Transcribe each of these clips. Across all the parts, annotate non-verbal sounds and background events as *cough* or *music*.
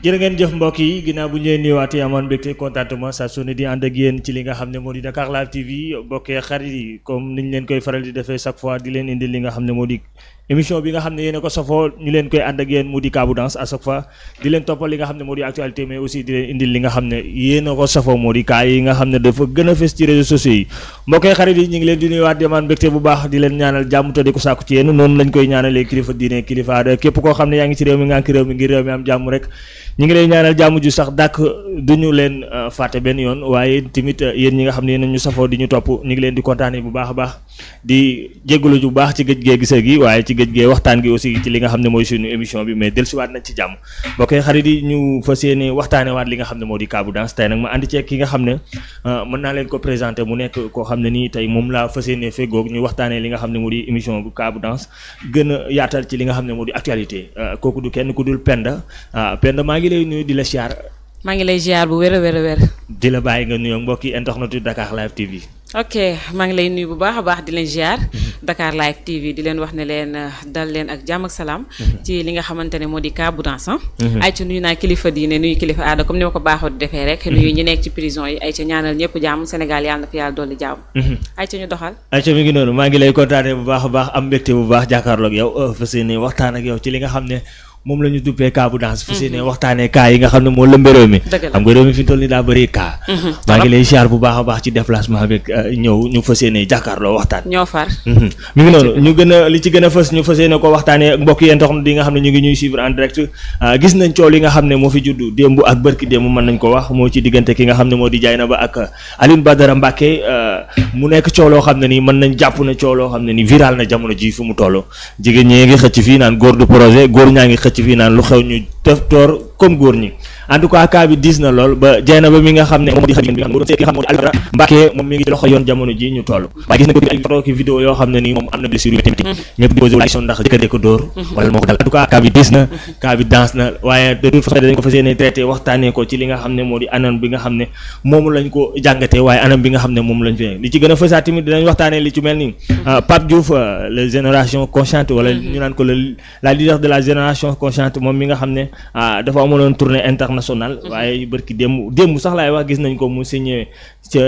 jërë ngeen jëf mbokk yi ginnaaw bu ñu leen nuyuwaatee amoon mbégte contentement saa su ne di ànd ak yéen ci li nga xam ne moo di Dakar Live TV bokkee xarit yi leen koy faral di defee chaque fois di leen indil li nga xam ne moo di émission bi nga xam ne a ko leen koy nga xam ne moo di actualité mais aussi di leen indil li nga xam ne xam ne dafa gën a fës ci réseaux sociaux yi mbokkee xarit yi ñu ngi leen di nuyuwaat di amaan mbégte bu baax di leen ñaanal jàmm te di ko ci yéen noonu lañ koy ñaanalee kilifa diine kilifa aada képp koo xam ne yaa ngi ci réew mi nga ngi am jàmm rek ñu ngi lay ñaanal jàmm ju sax dàkk duñu leen euh, fàtte benn yoon waaye tamit euh, yéen ñi nga xam ne yéen ñu safoo di ñu topp ñu ngi leen di kontaane bu baax a baax di jégalu bu baax ci gëj gee gise gi waaye ci géej gee waxtaan gi aussi ci li nga xam ne mooy suñu émission bi mais dellusiwaat nañ ci jàmm bokk xarit yi ñu fas yéene li nga xam ne moo di Kabou Danse tey nag ma ànd ceeg ki nga xam ne euh, mën naa leen ko présenté mu nekk koo xam ne nii tey moom laa fas yéene feggoog ñu waxtaanee li nga xam ne moo di émission bu Kabou Danse gën a yaatal ci li nga xam ne moo di actualité kooku du kenn ku dul Penda ngi lay nuyu di la siyaar. maa ngi lay siyaar bu wér a wér a wér. di la bàyyi nga nuyoo mbokki internet yu Dakar Live TV. ok maa ngi lay nuyu bu baax a baax di leen ziar. Mm-hmm. Dakar Live TV di leen wax ne leen euh, dal leen ak jàmm ak salaam. Mm-hmm. ci li nga xamante ne moo di cas Bourence ah. ayca nuyu naa kilifa diine nuyu kilifa aada comme ni ma ko baaxoo di defee rek. Mm-hmm. nuyu ñi nekk ci prison yi ayca ñaanal ñëpp jàmm Sénégal yàlla na yàlla dolli jàmm. ayca ñu doxal. ayca a moom la ñu duppee cas bu danse fu ne mhm. waxtaanee cas yi nga xam ne moo lëmbe réew mi xam nga réew mi fi toll ni daa bëri cas mhm. maa ngi lay siyaar bu baax a baax ci déplacement bi euh, ñëw mhm. a li a mbokk yéen tax ba euh, ak euh, Alioune Badara Mbacké mu nekk coow xam ne nii mën nañ jàpp na coow xam ne ni viral na jamono ji fi mu toll jigéen ñi ngi xëcc fii naan góor du projet góor ñaa ngi xëcc ci fii naan lu xew ñu def toor comme góor ñi en tout cas cas bi diis na lool ba Dieynaba mi nga xam ne moom di xarit bi nga xam ne moo doon seet ki nga xam moo di Albert Mbacké moom mi ngi ci loxo yoon jamono ji ñu toll waaye gis nañ ko ay photo ki vidéo yoo xam ne nii moom am na blessure yu tamit mm-hmm. ñëpp di posé question ndax jëkkër ko dóor mm-hmm. wala moo ko dal en tout cas cas bi diis na cas bi danse na waaye de toute façon dañ ko fas yéene traité waxtaanee ko ci li nga xam ne moo di anam bi nga xam ne moom lañ ko jàngatee waaye anam bi nga xam ne moom lañ fee li ci gën a fësaat tamit dinañ waxtaanee li ci mel ni euh, Pape Diouf euh, la génération consciente wala ñu mm-hmm. naan ko la leader de la génération consciente moom mi nga xam ne euh, dafa amoon tournée internationale national mhm. waaye bërki démb démb sax laay wax gis nañ ko mu signé ca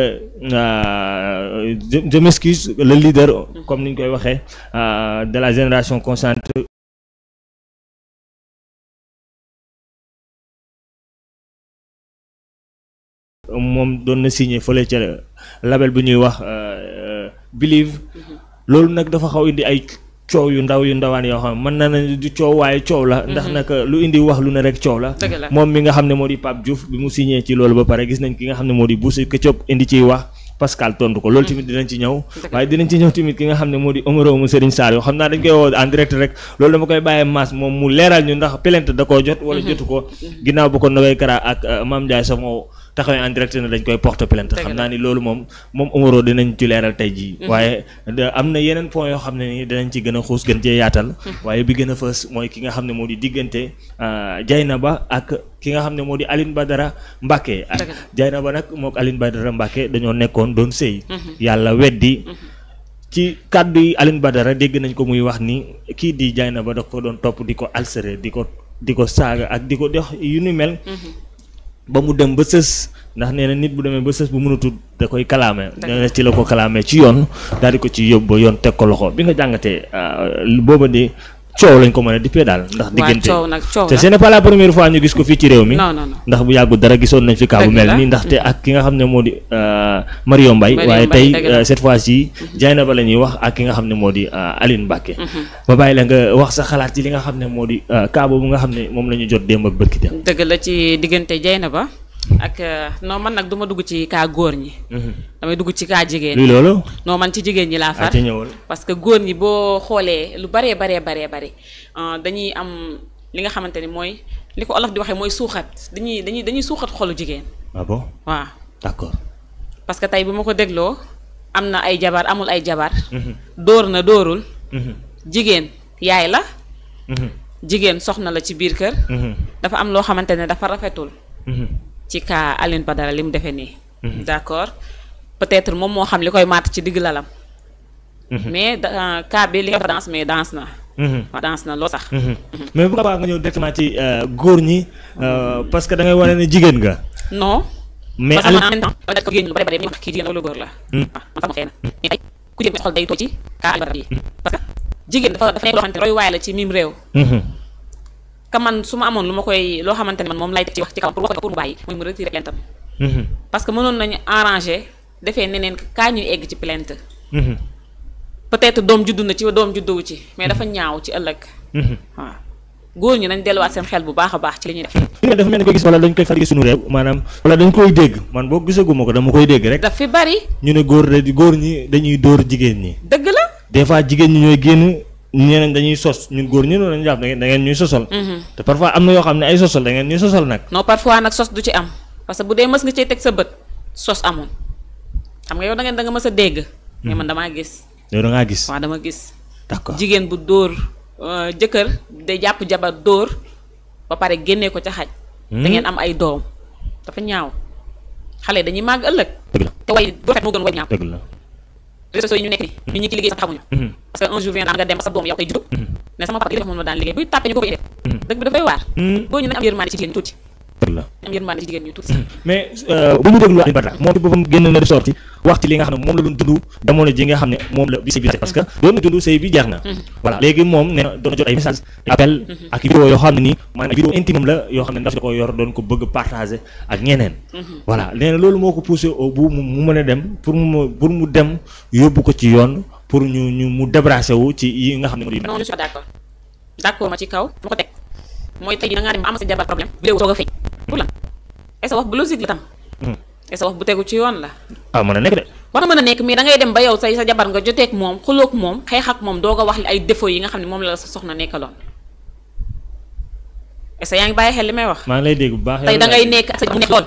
ah, je m'excuse le leader mhm. comme ni ñu koy waxee ah, de la génération consciente moom doon na signé fële ca label bi ñuy wax ah, believe mhm. loolu nag dafa xaw indi ay coow yu ndaw yu ndawaan yoo xam mën na nañu du coow waaye coow la ndax mhm. naka euh, lu indi wax lu ne rek coow la moom mi nga xam ne moo di Pape Diouf bi mu signé ci loolu ba pare gis nañ ki nga xam ne moo di Boussa Ketchup indi ciy mhm. ne moo di Omaro mu Serigne Sarr yoo xam naa dañ koy woo en direct rek loolu dama koy bàyyee maas moom mu leeral ñu ndax plainte da koo jot wala mhm. jotu ko ginnaaw ba ko Nogaye Kara ak euh, Mame Ndiaye Savon taxawee en direct ne dañ koy porte plainte xam naa ni loolu moom moom Omaro dinañ ci leeral tey jii mhm. waaye am na yeneen point yoo xam ne ni dinañ ci gën a xuus gën cee yaatal mhm. waaye bi gën a fës mooy ki nga xam ne moo di diggante euh, ba ak ki nga xam ne moo di alin ba Aline Badara Mbacké Dieynaba nag mook Aline Badara Mbacké dañoo nekkoon doon sëy mhm. yàlla weddi ci kàddu yi Aline Badara dégg nañ ko muy wax ni kii di Dieynaba da ko doon topp di ko alsere di ko ko saaga ak di ko dox yu ni ba mu dem ba sës ndax nee na nit bu demee ba sës bu mënatul da koy kalaame nee ci la ko kalaame ci yoon daal di ko ci yóbbu yoon teg ko loxo bi nga jàngatee euh, booba di coow lañ ko mën a dippee daal ndax diggante te ce n'est pas la première fois ñu gis ko fii ci réew mi ndax bu yàggu dara gisoon nañ fi kaa bu mel nii ndaxte mm-hmm. ak ki nga xam ne moo di euh, Mario Mbaye waaye tey euh, cette fois ci Dieynaba mm-hmm. la ñuy wax ak ki nga xam ne moo di euh, Aline Mbacké ma mm-hmm. bàyyi la nga wax sa xalaat yi li nga xam ne moo di kaa bu nga xam ne moom la ñu jot démb ak bërki dem dëgg la ci diggante Dieynaba ak euh, noo man nag du ma dugg ci kaa góor ñi. Mhm. damay dugg ci kaa jigéen ñi. loolu. noo man ci jigéen ñi laa ah, far. parce que góor ñi boo xoolee lu baree baree baree bari euh, dañuy am li nga xamante ne mooy li ko olof di waxe mooy suuxat dañuy dañuy dañuy suuxat xolu jigéen. ah bon waaw. d'accord parce que tey bu ma ko dégloo am na ay jabar amul ay jabar. Mhm. dóor na dóorul. Mhm. jigéen yaay la. jigéen soxna la ci biir kër. dafa am loo xamante ne dafa rafetul. ci cas Alioune Badara li mu defee nii. Mhm. d' accord moom moo xam li koy matt ci digg lalam. Mhm. mais cas bi li nga danse mais danse na. Mhm. waaw danse na loo sax. mais bu nga ñëw directement ci euh, góor ñi euh, parce que da ngay wane ne jigéen nga. non. mais Alioune parce ah, ma xëy na mais ay ku jigéen xol day too ci cas Alioune Badara yi parce que jigéen dafa nekk loo xamante la ci mim réew. que man su ma amoon lu ma koy loo xamante ne man moom lay ci wax ci kawam pour wax ko pour mu bàyyi mooy mu retiré plainte am mm-hmm. parce que mënoon nañu arrangé defee neneen kaa ñuy egg ci plainte mm-hmm. peut doom juddu na ci doom judduwu ci mais dafa mm-hmm. ñaaw ci ëllëg waaw góor ñi nañ delluwaat seen xel bu baax a baax ci li def li dafa mel ni koy gis wala dañ koy fàttali suñu réew maanaam wala dañ koy dégg man boo gisaguma ko dama koy dégg rek daf fi bari ñu ne góor góor ñi dañuy dóor jigéen ñi dëgg la des fois jigéen ñi ñooy génn ñeneen dañuy sos ñun góor ñu noonu lañu jàpp da ngeen sosal. Mhm. te parfois am na yoo xam ne ay sosal da ngeen ñuy sosal nag. non parfois nag sos du ci am parce que bu dee mës nga cee teg sa bët sos amoon xam nga yow dangeen ngeen da nga mës a dégg. nga man mhm. damaa gis. yow da gis waaw dama gis. d'accord jigéen bu dóor euh, jëkkër day jàpp jabar dóor ba pare génnee ko ca xaj. Mhm. da ngeen am ay doom dafa ñaaw xale dañuy màgg ëllëg. dëgg la te way bu rafet moo gën way ñaaw réseaux sociaux yi nekk ni ñu ñi ci liggéey sax xamuñu mm-hmm. parce que un jour viendra nga dem ba sa doom yow tey judd mm-hmm. mais sama papa li def moom ma daan liggéey buy tàppee ñu ko koy def mm-hmm. dëgg bi dafay waar góor ñu nañ am yërmande ci jigéen tuuti la *clears throat* mais euh, bu ñu déglu Ali Badara moom ci boppam génn na di sorti wax li nga xam ne moom la doon dund jamono ji nga xam ne moom la bi mm-hmm. sëy bi parce na dund mm-hmm. léegi moom nee doon na jot ay message appel mm-hmm. ak vidéo yoo xam ne nii maanaam vidéo intime la yoo xam ne ndax da ko yor doon ko bëgg partager ak ñeneen voilà nee loolu moo ko poussé au mu mën a dem pour mu dem yóbbu ko ci yoon pour ñu ñu mu débarrasser ci yi nga xam ne moo di d'accord ma mooy tey jii da dem ba am sa jabar problème vidéo soog a feeñ pour lan est ce wax bu logique la tam hmm. wax bu tegu ci yoon la ah, a de war a nekk mais da ngay dem ba yow say sa jabar nga joteeg moom xuloog moom xeex moom doog a wax li ay défaut yi xam ne moom la la sa soxna nekkaloon est ce yaa ngi bàyyi xel li may wax maa ngi lay dégg bu baax tey da ngay nekk ak sa nekk lool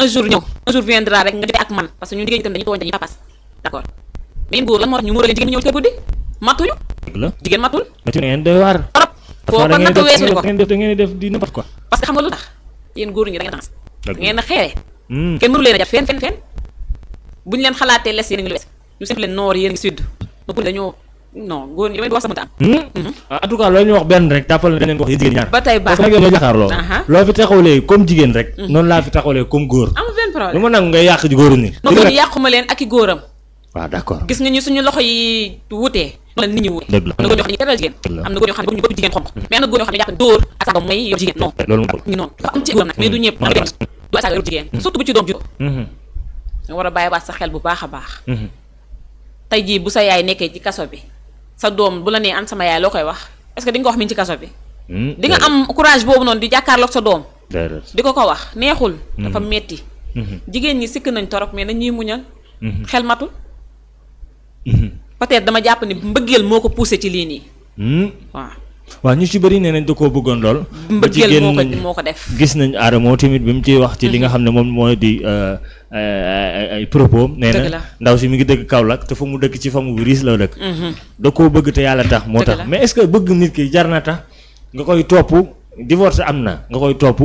un jour ñëw un jour viendra rek nga jotee ak man parce jigéen itam d' accord mais góor lan jigéen ñëw ci kër guddi matuñu jigéen parce que nag weesu ngeen def di n'importe quoi. parce que xam lu tax yéen góor ñi da ngeen a xeere. Hmm. kenn mënu a jot fenn fenn bu ñu leen xalaatee les yéen a ngi les ñu seetlu leen noor yéen a ngi sud ba bu dañoo non góor ñi yow wax sa mënta am. en tout cas loolu ñu wax benn rek tàppal na dañ leen ko wax jigéen ñaar. ba tey baax parce loo fi taxawlee comme jigéen rek. Hmm. noonu laa fi taxawlee comme góor. amul benn problème lu ma nangu ngay yàq ji góoru ni. non góor yàquma leen waaw d'accord gis nga ñu suñu loxo yi wutee la nit ñi wutee dëgg la am na góor ñoo xam ne teral jigéen am jigéen am na góor ñoo xam ne jàpp du ñëpp am mm-hmm. bu ci doom juddoo mm-hmm. nga war a bàyyi waat sa xel bu baax a baax mm-hmm. tey jii bu sa yaay nekkee ci kaso bi sa doom bu la nee an sama yaay loo koy wax est-ce que di nga wax mi ci kaso bi di am courage boobu noonu di jàkkaarloog sa doom di ko ko wax neexul dafa metti jigéen ñi sikk nañ torop mais nañuy muñal xel matul Mhm. peut-être dama jàpp ni mbëggeel moo ko poussé ci lii nii. Hmm. waaw. ñu si bëri nee nañ da koo bëggoon lool. mbëggeel moo ko moo ko def gis nañ Adamo tamit bi mu ci wax ci li nga mhm. xam ne moom moo di euh, euh, ay propos. nee na ndaw si mi ngi dëkk Kaolack te fa mu dëkk ci fa mu riis la dëkk. Mhm. da koo bëgg te yàlla tax moo tax. mais est que bëgg nit ki jar na tax nga koy topp divorce am na nga koy topp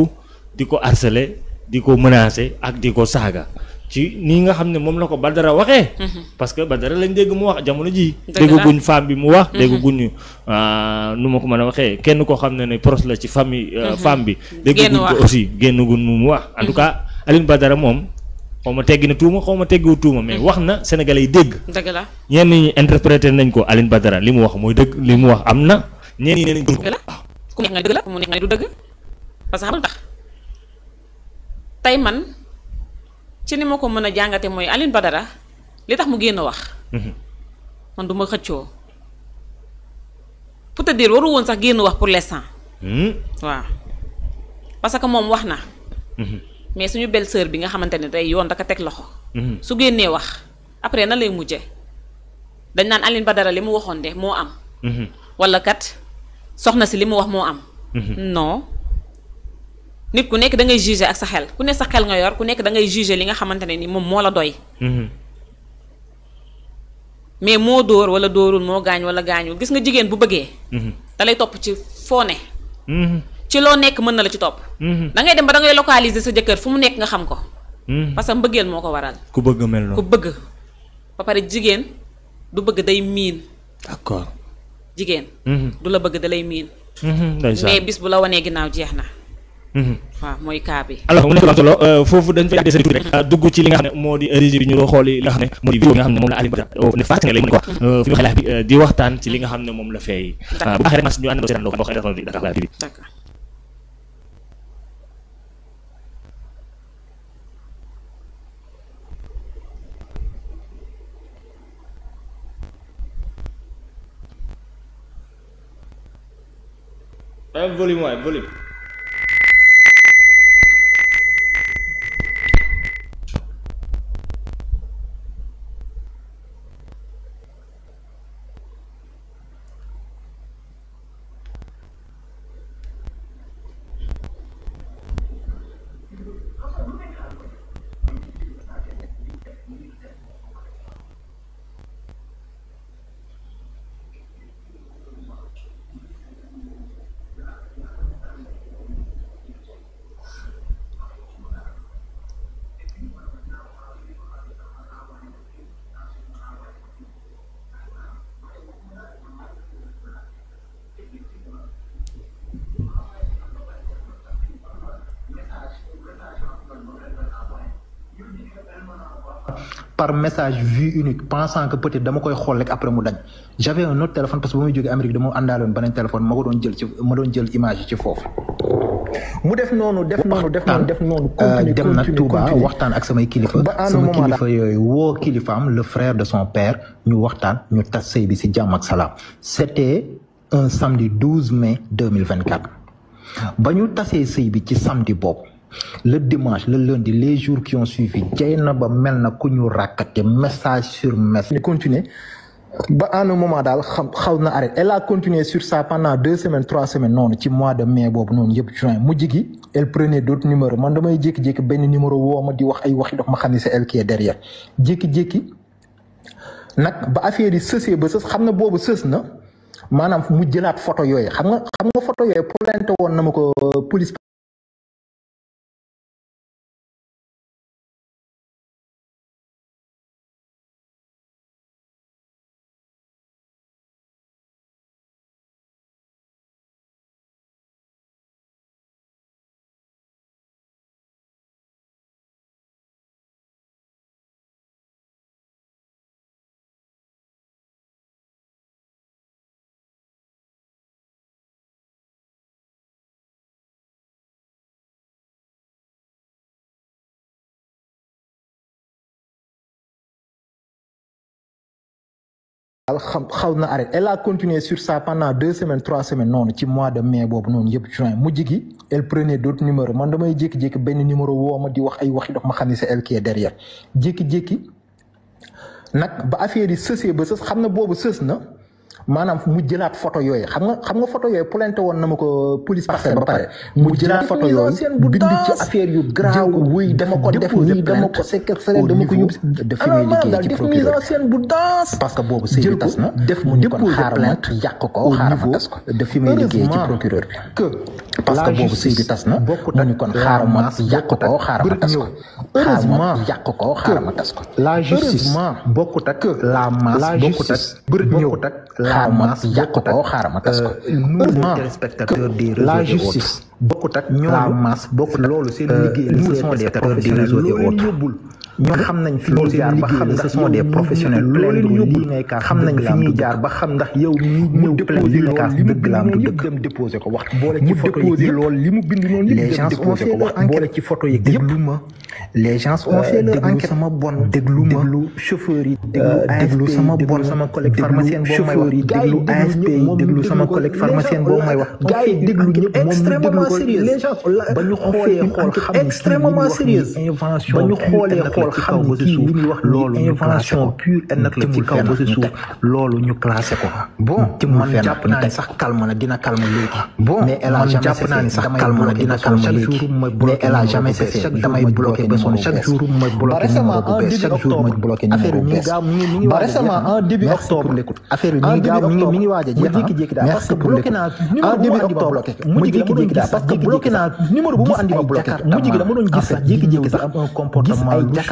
di ko harceler di ko menacer ak di ko saaga. ci nii nga xam ne moom la ko Badara waxee. Mhm. parce que Badara lañ dégg mu wax jamono ji déggaguñ femme bi mu wax. Mhm. déggaguñ euh, nu ma ko a waxee kenn koo xam ne ne proche la ci famille. Euh, mhm. femme bi déggaguñ ko aussi mu wax. en tout cas Alioune Badara moom xaw ma teggi na tuuma xaw ma teggiwu tuuma mais wax na sénégalais yi dégg. dëgg la ñenn ñi interprété nañ ko Alioune Badara li mu wax mooy dëgg li mu wax am na ñenn ñi ne nañ ko. dëgg la ku mu neex nga dëgg du dëgg parce que xam tax tey man. ci ni ma ko mën a jàngate mooy alin ba dara li tax mu génn wax mhm. man duma xëccoo pour te dire waru sax génn wax pour l'instant mhm. waaw parce que moom wax na mhm. mais suñu belle sœur bi nga xamante ne tey yoon daka teg loxo su génnee wax après na lay mujje dañ naan ba dara li mu waxoon de moo am walla kat soxna si li mu wax moo am non nit ku nekk da ngay juger ak sa xel ku ne sa xel nga yor ku nekk da ngay juger li nga xamante ne ni moom moo la doy. Mhm. mais moo dóor wala dóorul moo gaañ wala gaañul gis nga jigéen bu bëggee. Mhm. dalay topp ci foo ne. Mhm. ci loo nekk mën na la ci topp. da ngay dem ba da ngay localiser sa jëkkër fu mu nekk nga xam ko. parce que mbëggeel moo ko waral. ku bëgg mel noonu ku ba pare jigéen du bëgg day miin. d'accord jigéen. du la bëgg dalay lay miin. mais bis bu la wanee ginnaaw jeex na. waaw mooy cas bi. alors mu nekk lu am solo euh, foofu dañ fay desandi tuuti rek euh, dugg ci li nga xam ne moo di régie bi ñu doon xooli li nga xam ne moo di vidéo bi nga xam ne moom la Alioune Badara euh, ne fàttali nga léegi mu ne ko mm-hmm. fi mu xalaat bi di waxtaan ci li nga xam ne moom la feey. bu baaxee rek man ñu àndandoo seetaan loo xam ne wax dëgg yàlla bi. volume waay volume par message vue unique pensant que peut-être dama koy xool rek après mu dañ j'avais un autre téléphone parce que ba muy jógee Amérique dama àndaaloon beneen téléphone ma ko doon jël image yi ci foofu. mu def noonu def noonu def noonu def noonu. Euh, continué dem na Touba waxtaan ak samay kilifa. sama kilifa yooyu woo kilifaam le frère de son père ñu waxtaan ñu tas sëy bi si jàmm ak salaam c'était un samedi 12 mai 2024 ba ñu tasee sëy bi ci samedi boobu. le dimanche le lundi les jours qui ont suivi Dieynaba mel na ku ñu rakkate message sur message. ni continuer ba à un moment daal xam xaw na arrêté elle a continué sur ça pendant deux semaines trois semaines noonu ci mois de mai boobu noonu yëpp juin mujj man damay jékki-jékki benn numéro woo ma di wax ay waxi dox ma xam ne c'est elle qui ba affaire yi sësee ba sës xam na boobu sës na maanaam mu jëlaat photo yooyu nga xam yooyu plainte daal xam xaw na arrêté elle a continué sur ça pendant deux semaines trois semaine noonu ci mois de mai boobu noonu yëpp juin mujj gi elle prenait d'autres numéros man damay jékki-jékki benn numéro woo ma di wax ay waxi dox ma xam ne c'est elle qui est derrière jékki-jékki nag ba affaire yi sësee ba sës xam na boobu sës na. maanaam mu jëlaat photo yooyu xam nga xam nga photo yooyu plainte woon na ma ko police parce que ba pare mu jëlaat photo yooyu bind ci affaire yu grave wuy dama ko def nii dama ko séquestré dama ko yóbbu dafa ñuy liggéey ci procureur parce que boobu sëy bi tas na def mu ni kon xaaral ma yàq ko xaaral ma tas ko dafa ñuy liggéey ci procureur bi parce que boobu sëy bi tas na mu ni kon xaaral ma yàq ko xaaral ma tas ko xaaral ma yàq ko xaaral ma tas ko la justice bokkut ak la masse bokkut ak bokkut ak xaar ma yàq ko xaar ma tas ko. Euh, heureusement que la justice bokkut ak ñoom la masse bokkut ak loolu seen euh, liggéey nous sommes des spectateurs réseaux et autres ñoom xam nañ fi ñuy ba xam ndax sont des professionnels plaindre lii ngay kaas xam nañ fi ñuy jaar ba xam ndax yow ñi ñëw plaindre li ngay la am du dëgg dem déposé ko wax boole ci photo yi loolu li mu bind noonu les gens ont fait leur enquête boole ci photo yi déglu ma les gens ont fait leur enquête sama ma déglu chauffeur euh, euh, yi déglu sama bon sama collègue pharmacien boo may wax déglu ASP yi déglu sama collègue pharmacien boo may euh, wax gars yi ba ñu xoolee xool xam extrêmement ba ñu xoolee xool xool xam ne kii li muy wax loolu ñu classé ko te ci kaw ba si suuf loolu ñu classé ko. bon man jàpp naa ne sax calme na dina calme léegi. bon man jàpp naa ne sax calme na dina calme léegi mais elle a jamais cessé damay bloqué ba son chaque jour mooy bloqué numéro bu bees chaque jour mooy bloqué numéro bu bees. ba récemment en début octobre affaire bi mi ngi gaaw mi ngi mi ngi waaj a jeex merci pour l'écoute en début octobre mu jékki-jékki daal parce que bloqué naa numéro bu mu andi ma bloqué mu jékki dama doon gis sax jékki-jékki sax am un comportement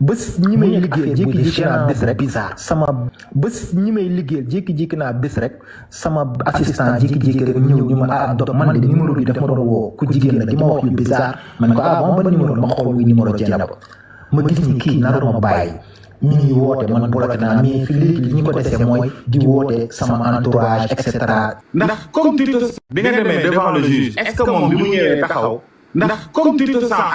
bés ñi may liggéeyal jékki-jékki naa bés rek sama bés ñi may liggéeyal jékki-jékki naa bés rek sama assistant jékki-jékki rek ñëw ñu ma ah dox man de numéro bi dafa ma doon jigéen la ma wax yu bizarre man ko ah bon ban numéro ma xool muy numéro Jenab ma gis ni kii naru ma bàyyi ñu ngi woote man bloqué naa mais fi léegi li ko dese mooy di woote sama entourage et cetera. ndax comme bi nga demee devant le juge est-ce que moom bi mu ñëwee taxaw. ndax comme tu te sens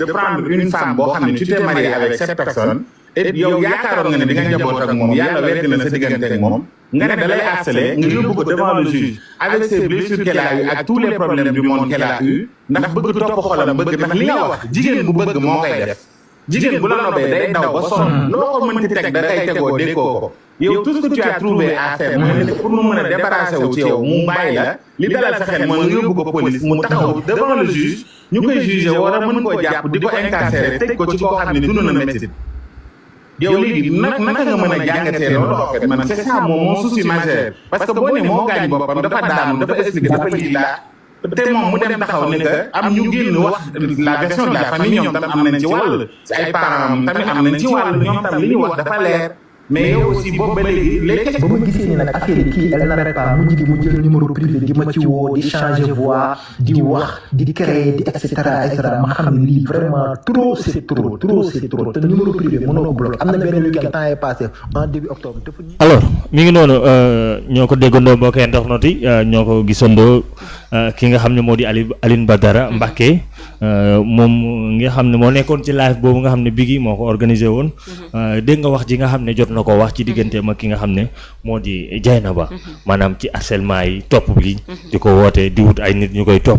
de prendre une femme boo xam ne tu t'es marié avec cette personne et yow yaakaaroon nga ne di nga ak moom yàlla weddi na sa diggante ak moom nga ne da lay harcelé nga yóbbu ko devant le avec ses blessures a eu ak tous les problèmes du monde a ndax bëgg topp xolam bëgg ndax li nga wax jigéen bu bëgg moo koy def jigéen bu la nobee day daw ba sonn loo ko mënti da kay tegoo déggoo ko yow tout ce que tu as mooy a débarrasser wu ñu koy jugé war a mën koo jàpp di ko incarcéré tëj ko ci koo xam ne dund na métti yow léegi naka nga mën a jàngatee loolu en fait man c'est ça moom mon souci majeur parce que boo ne moo gaañ boppam dafa daanu dafa expliqué dafa lii laa te moom mu dem taxaw ne que am ñu génn wax la version de famille ñoom am nañ ci wàll si ay parents am tamit am nañ ci wàll ñoom tam li ñu wax dafa leer mais yow aussi boobu ba léegi léegi. ba ma gisee ni nag affaire kii elle mu jël numéro privé ma ci woo di changer voix di wax di créer di et cetera ma xam ne lii vraiment trop c'est trop trop c'est trop te numéro privé mënoo bloqué am na benn week temps est passé en début octobre. alors mi ngi noonu euh, ñoo ko déggandoo mbokk internet yi euh, ñoo ko gisandoo euh, ki nga xam ne moo di Aliou Alioune Badara Mbacké. Euh, moom nga xam ne moo nekkoon ci live boobu nga xam ne Biggi moo ko organisé woon mhm. euh, dégg nga wax ji nga xam ne jot na ko wax ci mhm. digganteem ak ki nga xam ne moo di Dieynaba mhm. maanaam ci harcèlement yi topp bi di ko woote di wut ay ñu koy topp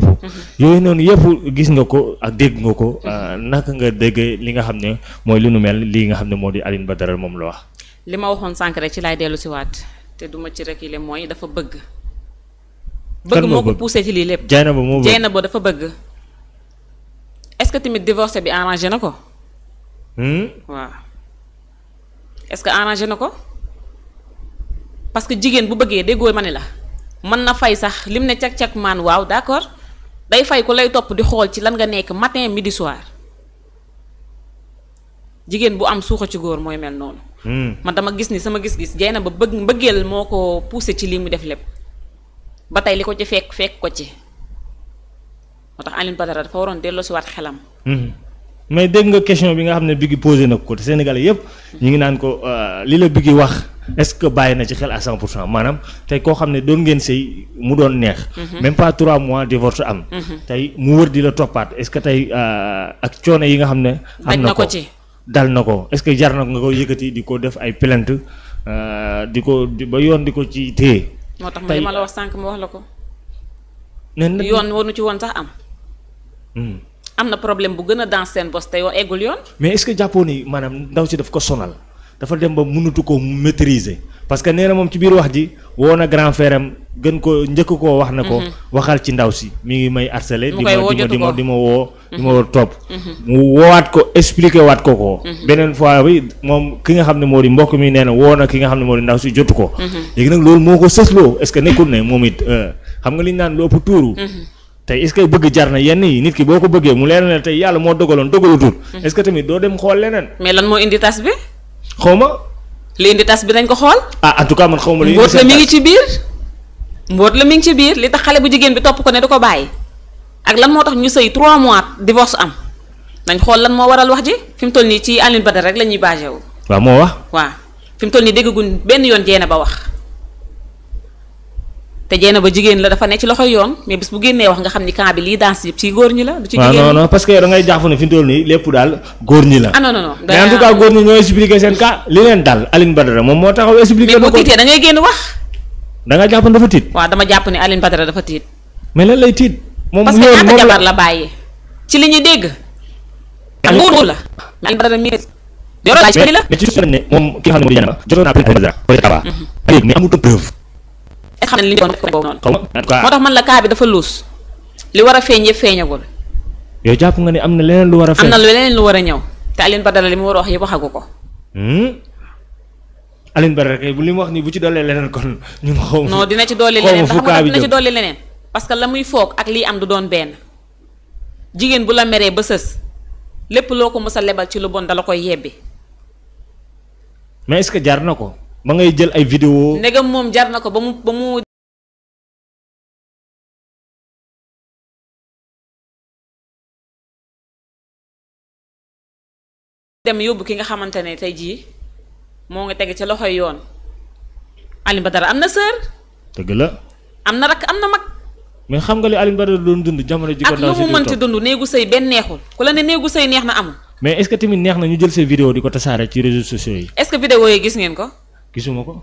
yooyu noonu yëpp gis nga ko ak dégg nga ko euh, naka nga déggee li nga xam ne mooy li nu mel lii nga xam ne moo di Alioune Badara moom la wax li ma waxoon sànq rek ci laay dellu si waat te duma ci reculer mooy dafa bëgg bëgg moo ko poussé ci lii lépp Dieynaba dafa bëgg est-ce que tamit divorce bi arrangé na ko. Hmm? waaw est-ce que arrangé na ko parce que jigéen bu bëggee déggoo ma ne la mën na fay sax lim ne cag-cag maan waaw d'accord day fay ko lay topp di xool ci lan nga nekk matin midi soir jigéen bu am suuxa ci góor mooy mel noonu. Hmm. man dama gis ni sama gis-gis jay na ba bëgg mbëggeel moo ko poussé ci lii mu def lépp ba tey li ko ci fekk fekk ko ci. moo tax Alioune Badara dafa waroon delloosiwaat xelam. Mhm. mais dégg nga question bi nga xam na ko te Sénégalais ko euh, li la Biggi wax est-ce que bàyyi na ci xel à 100 pour cent maanaam tey koo mhm. mhm. mu wër di la toppaat est tey euh, ak coono yi nga xam ne. am na ko dal na ko est-ce jar na nga ko yëkkati di ko def ay plainte euh, di ko ba yoon di ko ci téye. moo tax ma la wax sànq ma wax la ko. yoon wonu ci woon sax am. Hmm. am na problème bu gën a dans seen bos te yoo eggul yoon. mais est-ce ni maanaam ndaw si daf ko sonal dafa dem ba mënatu ko maîtriser parce que nee na moom ci biir wax ji woo na grand frère ko njëkk na ko. Mhm. waxal ci ndaw si mi ngi ma di ma di ma di ma woo mhm. topp. Mhm. ko expliquer waat ko ko. beneen bi moom ki nga xam ne moo di mbokk mi nee na ki nga xam ne moo di ndaw si jotu ko. léegi nag loolu moo ko sësloo est-ce que nekkul ne moom it euh, xam nga li naan lu ëpp tuuru. tey est-ce bëgg jar na yenn yi nit ki boo ko bëggee mu leer na tey yàlla moo dogaloon dogalutul. Mhm. est-ce que tamit doo dem xool leneen. mais lan moo indi tas bi. xaw ma. li indi tas bi dañ ko xool. ah en tout cas man xaw ma. li indi seen tas mbóot la mi ngi ci biir. mbóot la mi ngi ci biir li tax xale bu jigéen bi topp ko ne du ko bàyyi ak lan moo tax ñu sëy 3 mois divorce am nañ xool lan moo waral wax ji fi mu toll nii ci Alioune Badara rek la ñuy basé wu. moo wax. waa fi mu toll nii déggaguñ benn yoon jeena ba wax. te ba jigéen la dafa ne ci loxoy yoon mais bu génnee wax nga xam ni camp bi lii danse ci góor ñi la. du ci jigéen non non parce que ne fi mu toll nii lépp la. ah moom moo taxaw expliqué. mais boo tiitee da ngay génn wax. da nga jàpp ne dafa tiit. waaw dama jàpp ne Aline Badara dafa tiit. mais lan lay tiit. moom li ñu dégg. nguuru la. Aline Badara mi yoroo la la. mais ci suñu ne ki nga xam ne mooy Dieynaba jotoon naa mhm. preuve est li ñu doon ko boobu moo tax man la cas bi dafa luus li war a feeñ yëpp feeñagul. yow jàpp nga ne am na leneen lu war a. feeñ am na lu war a ñëw te Alioune Badara li mu war a wax yëpp waxagu ko. Hmm? Alioune Badara kay bu li mu wax nii bu ci doolee leneen kon ñun xaw ma. non dina ci doole leneen ndax xam dina ci doole leneen. parce la muy foog ak lii am du doon benn jigéen bu la meree ba sës lépp loo ko mës a lebal ci lu bon dala koy yebbi. mais est-ce jar na ko. ma ngay jël ay vidéo ndegam moom jar na ko ba mu ba mu. dem yóbbu ki nga xamante ne tey jii moo ngi teg ci loxo yoon Alioune Badara am na sœur. dëgg la. am na rakk am na mag. mais xam nga li Alioune Badara doon dund jamono ji ne néegu sëy neex na amul. mais ñu jël seen vidéo di ko tasaare ci réseaux sociaux yi. est-ce que gis ngeen ko. gisuma ko.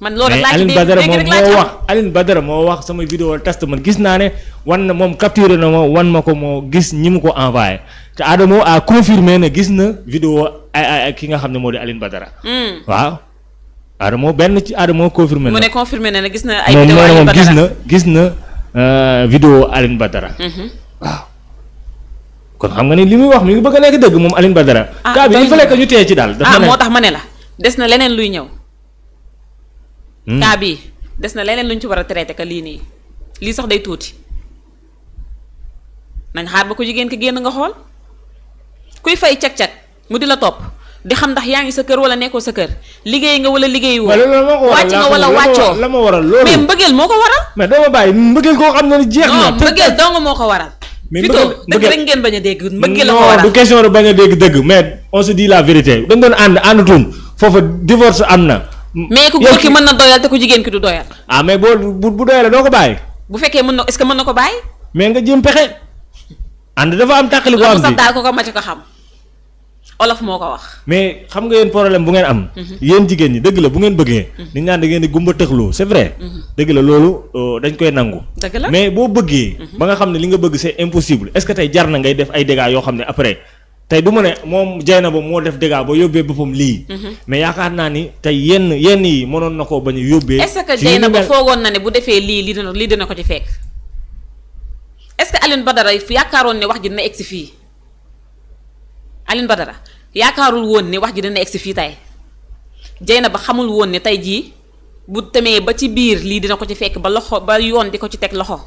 man loolu laaj Alioune Badara moom moo wax Alioune Badara moo wax sama vidéo test man gis naa ne wan na moom capturé na ma wan ma ko moo gis ñi mu ko envoyé te Adamo a confirmé ne gis na vidéo ay ki nga xam ne moo di Alioune Badara. Hmm. waaw Adamo benn ci Adamo confirmé na. mu ne confirmé na ne gis na ay vidéo Alioune Badara moom na gis na euh, vidéo Alioune Badara. Hmm. waaw kon xam nga ni li muy wax mi ngi bëgg a nekk dëgg moom Alioune Badara. ah cas bi il ñu téye ci daal. Ah, moo tax ma ne la des na leneen luy ñëw. Hmm. cas bi des na leneen lu ñu ci war a traité que lii nii lii sax day tuuti nañ xaar ba ko jigéen ki génn nga xool kuy fay cag-cag mu di la topp di xam ndax yaa ngi sa kër wala nekkoo sa kër liggéey nga wala liggéey woo wàcc nga wala wàccoo la ma waral loolu mais mbëggeel moo ko waral mais doo ma bàyyi mbëggeel koo xam ne ni jeex na mbëggeel dong moo ko waral mais dëgg rek ngeen bañ a dégg mbëggeel la ko waral question de bañ a dégg dëgg mais on se dit la vérité dañ doon am na mais ku góor ki mën na doyal te ku jigéen ki du doyal. ah mais boo bu bu doyalee doo ko bàyyi. bu fekkee mën na est-ce que ko bàyyi. mais nga jéem pexe. ànd dafa am tàqali ko am bi sax ma ci ko xam. olof moo mais xam nga yéen problème bu ngeen am. Mhm. yéen jigéen ñi dëgg la bu ngeen bëggee. dañ mhm. naan da ngeen di gumba tëxloo c'est vrai. Mhm. dëgg la loolu euh, dañ koy nangu. dëgg la mais boo bëggee. ba nga xam ne li nga bëgg c'est impossible est-ce que tey jar na ngay def ay dégâts yoo xam ne après tey du ma ne moom Dieynaba moo def dégâts ba yóbbee boppam lii. Mhm. mais yaakaar naa ni tey yenn yenn yi mënoon na koo bañ a yóbbee. est ce que Dieynaba na ne bu defee lii lii dina lii dina ko ci fekk est ce ba dara Badara yaakaaroon ne wax ji dina egg si fii Alioune Badara yaakaarul woon ni wax ji dina egg si fii tey ba xamul woon ne tey jii bu temee ba ci biir lii dina ko ci fekk ba loxo ba yoon di ko ci teg loxo.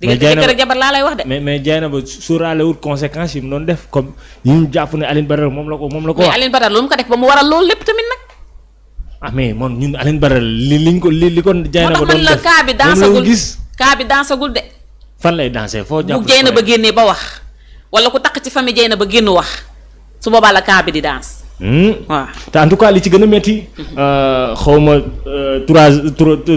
diggante jëkkër ak jabar laa lay wax de. mais mais jaay na ba suuraale wut conséquences yi mu doon def comme yi ñu jàpp ne Aline Badara moom la ko moom la ko wax. mais Aline Badara lu mu ko def ba mu waral loolu lépp tamit nag. ah mais moom ñun Aline Badara li liñ ko li li kon jaay na ba doon def kaa bi dansagul gis kaa bi dansagul de. fan lay danser foo jàpp bu jaay na ba génnee ba wax wala ku takk ci famille jaay na ba génn wax su boobaa la kaa bi di danse. Hmm? waaw te en tout cas li ci gën a métti. Euh, xaw ma euh, trois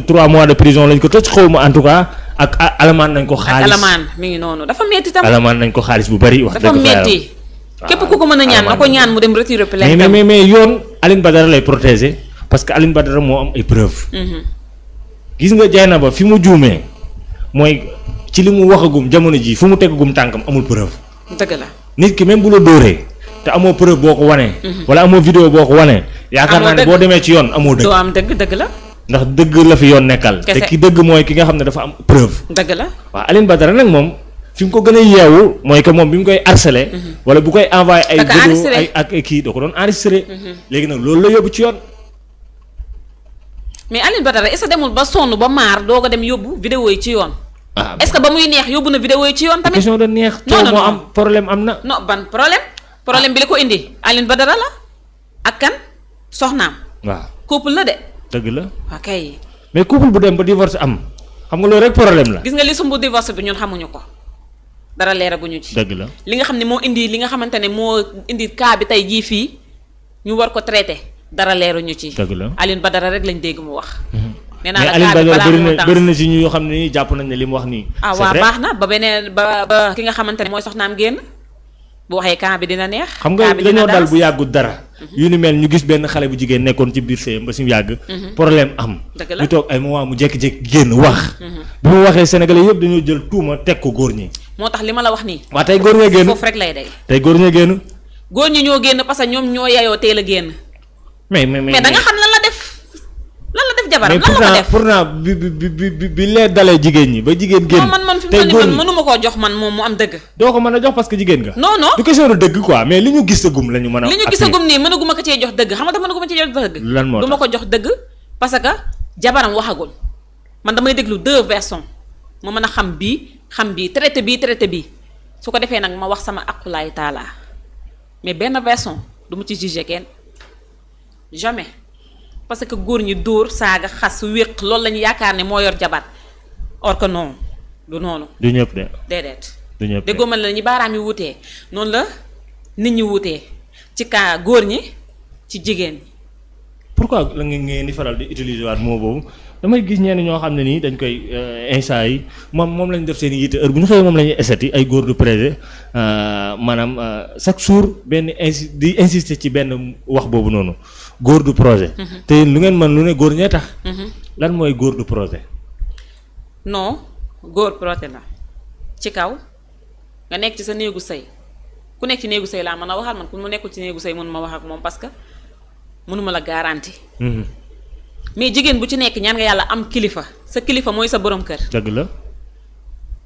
trois mois de prison lañ ko toj xaw ma en tout cas. ak alamaan nañ ko xaalis ak alamaan mi ngi noonu dafa metti tam. alamaan nañ ko xaalis bu bari wax dëgg fa yàlla dafa metti képp ku ko mën a ñaan na ko ñaan mu dem retirer plainte mais mais mais yoon Aline Badara lay protéger parce que Aline Badara moo am ay preuve mhm. gis nga jaay na ba fi mu juumee mooy ci li mu waxagum jamono ji fu mu teggagum tànkam amul preuve. dëgg la nit ki même bu la dóoree te amoo preuve boo ko wanee mhm. wala amoo vidéo boo ko wanee yaakaar naa ne boo demee ci yoon amoo dëgg doo am dëgg dëgg la ndax dëgg la fi yoon nekkal. te ki dëgg mooy ki nga xam ne dafa am preuve. dëgg la waaw ba Badara nag moom fi mu ko gën a yeewu mooy que moom bi mu koy harcelé. Mhm. wala bu koy envoyé ay. kii da ko doon enregistré. Mhm. léegi nag loolu la yóbbu ci yoon. mais Alioune Badara est-ce que demul ba sonn ba maar doog a dem yóbbu vidéo yi ci yoon. ah est que ba muy neex yóbbu na vidéo yi ci yoon tamit. question de neex. non moo am problème am na. non ban problème problème bi la ko indi Alioune Badara la ak kan dëgg la. ok ah, mais couple bu dem ba divorce am xam nga loolu rek problème la. gis nga li sumbu divorce bi ñun xamuñu ko. dara leeraguñu ci. dëgg la li nga xam ne moo indi li nga xamante ne moo indi cas bi tey jii fii ñu war ko traité dara leeruñu ci. dëgg la Alioune Badara rek lañ dégg mu mhm. la cas bi balaa na si ñoo xam ne jàpp nañ ne li mu wax nii. Ah, baax na ba beneen ba ki nga xamante ne mooy soxnaam génn bu waxee cas bi dina neex. xam nga dañoo dal bu yàggut dara. Mhm. yu ni mel ñu gis benn xale bu jigéen nekkoon ci biir séyam ba si yàgg mhm. problème am ñu toog ay moment mu jékki-jékki génn wax mhm. bi mu waxee sénégalais yëpp dañoo jël tuuma teg ko góor ñi moo tax li ma la wax nii waa tey góor ñee génn tey góor ñee génn góor ñi ñoo génn parce ñoom ñoo yayoo teel a génn mais mais mais da nga xam lan la def jabaram lan la ko def pourtant bi bi bi bi lee dalee jigéen ñi ba jigéen génn man man fi mu ne man mënuma koo jox man moom mu am dëgg doo ko mën a jox parce que jigéen nga non non du question de dëgg quoi mais li ñu gisagum la ñu mën a li ñu gisagum nii mën aguma ko cee jox dëgg xam nga tax mën aguma cee jox dëgg lan moo du ma ko jox dëgg parce que jabaram waxagul man damay déglu deux versions ma mën a xam bii xam bii traité bii traité bii su ko defee nag ma wax sama aqulaay taalaa mais benn version du ma ci jugé kenn jamais parce que góor ñi dóor saaga xas wéq loolu la ñu yaakaar ne moo yor jabar or que non du noonu. du ñëpp de. déedéet. du ñëpp de déggoo ma la ñu baaraam yi wutee noonu la nit ñi wutee ci kaa góor ñi ci jigéen ñi. pourquoi la ngeen di faral di utiliser waat moo boobu damay gis ñenn ñoo xam ne nii dañ koy euh, instant yi moom moom lañ def seen yitte heure bu ñu xëyee moom lañuy ñuy eseti ay góor du prêter euh, maanaam euh, chaque jour benn insi di insister ci benn wax boobu noonu. góor du projet. Mhm. te lu ngeen mën lu ne góor ñee tax. Mhm. lan mooy góor du projet. non góor projet la ci kaw nga nekk ci sa néegu sëy ku nekk ci néegu sëy laa mën a waxal man ku mu nekkul ci néegu sëy mënuma wax ak moom parce que mënuma la garanti. Mhm. mais jigéen bu ci nekk ñaan nga yàlla am kilifa sa kilifa mooy sa borom kër. dëgg la.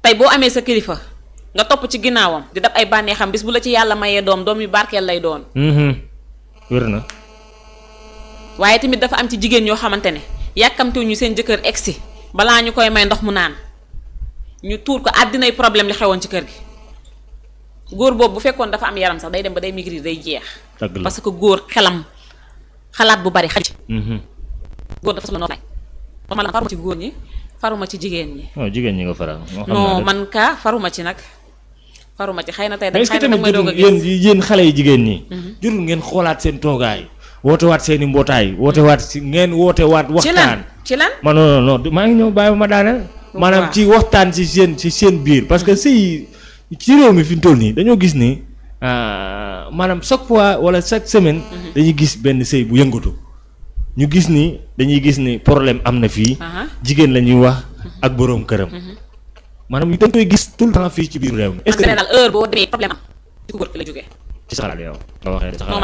tey boo amee sa kilifa nga topp ci ginnaawam di dab ay bànneexam bis bu la ci yàlla mayee doom doom yu barkeel lay doon. wér na. waaye tamit dafa am ci jigéen ñoo xamante ne ñu seen jëkkër egsi balaa ñu koy may ndox mu naan ñu tuur ko àddinay problème li xewoon ci kër gi góor boobu bu fekkoon dafa am yaram sax day dem ba day maigrir day jeex. parce que góor xelam xalaat bu bari xaj. Mm-hmm. góor dafa soxla noflaay ma la faruma ci góor ñi faruma ci jigéen ñi. jigéen ñi nga faral. non man kaa faruma ci nag. faruma ci xay na tey da xëy na may doog a gis mais xale yi jigéen ñi. Mm-hmm. jurul ngeen xoolaat seen toogaay. woote waat seen i mbootaay woote waat si ngeen woote waat waxtaan ci lan ma non maa ngi ñëw bàyyi ma daaneel maanaam ci waxtaan si seen ci seen biir parce que si ci réew mi fi mu nii dañoo gis ni euh, maanaam chaque fois wala chaque semaine mhm. dañuy gis benn sëy bu yëngatu ñu gis ni dañuy gis ni problème am na fii jigéen la ñuy wax mhm. ak boroom këram mhm. maanaam dañ koy gis tout le temps fii ci biir réew mi est-ce que daal heure boo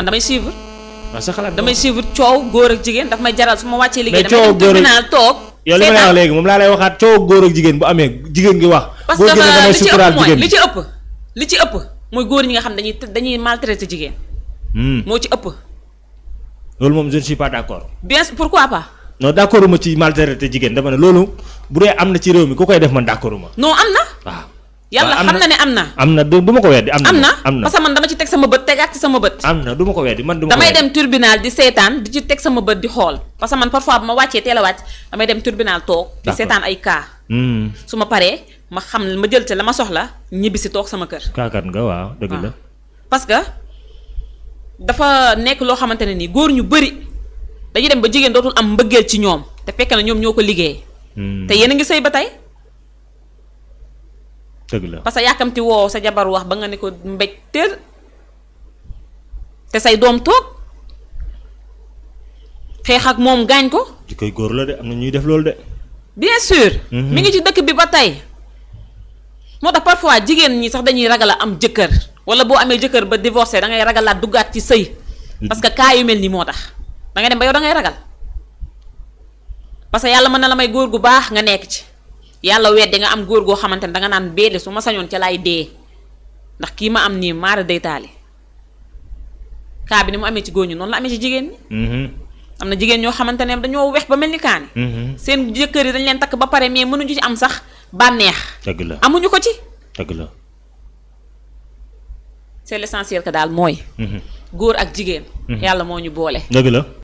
damay suivre waaw sa xalaat damay suivre coow góor ak jigéen daf may jaral su ma wàccee liggéey damay tribunal toog yow li ma lay wax léegi moom laa lay waxaat coow góor ak jigéen bu amee jigéen gi wax parce que damay suturaal jigéen li ci ëpp li ci ëpp mooy góor ñi nga xam dañuy dañuy maltraité jigéen hmm. moo ci ëpp loolu moom je ne suis pas d' accord bien pourquoi pas non d' accord uma ci maltraité jigéen dama ne loolu bu dee am na ci réew mi ku koy def man d' accord uma non am na waaw yàlla xam na ne am na am na du ma ko weddi am na am na parce que man dama ci teg sama bët tegaat ci sama bët ma ko weddi man du ma ko damay dem tribunal di seetaan di ci teg sama bët di xool parce que man parfois bu ma wàccee teel a wàcc damay toog di seetaan ay cas hmm. su ma paree ma xam ma jël ca la ma soxla ñibbi si toog sama kër kaakat nga waaw dëgg la parce que dafa nekk loo xamante ne nii góor ñu bëri dañuy dem ba jigéen dootul am mbëggeel ci ñoom te fekk na ñoom ñoo ko liggéey hmm. te yéen ngi sëy ba tey dëgg la parce que yàkkamti woo sa jabar wax ba nga ne ko mbéj teel te say doom toog xeex ak moom gaañ ko. di koy góor la de am na ñuy def loolu de. bien sûr. mu mhm. ngi ci dëkk bi ba tey. moo tax parfois jigéen ñi sax dañuy ragal a am jëkkër wala boo amee jëkkër ba divorcé da ngay ragalaat duggaat ci sëy parce que cas yu mel nii moo tax da ngay dem ba yow da ngay ragal parce que yàlla mën na la may góor gu baax nga nekk ci. yàlla weddi nga am góor goo xamante ne danga naan beede su ma sañoon ca laay dee ndax kii ma am nii maara day taale kaa bi ni mu amee ci góor ñu noonu la amee ci jigéen ñi. Mm-hmm. am na jigéen ñoo xamante ne dañoo weex ba mel ni kaani mm-hmm. seen jëkkër yi dañ leen takk ba pare mais mënuñu ci am sax bànneex. dëgg amuñu ko ci. dëgg la. c'est l'essentiel daal mooy. Mm-hmm. góor ak jigéen. yàlla moo ñu boole.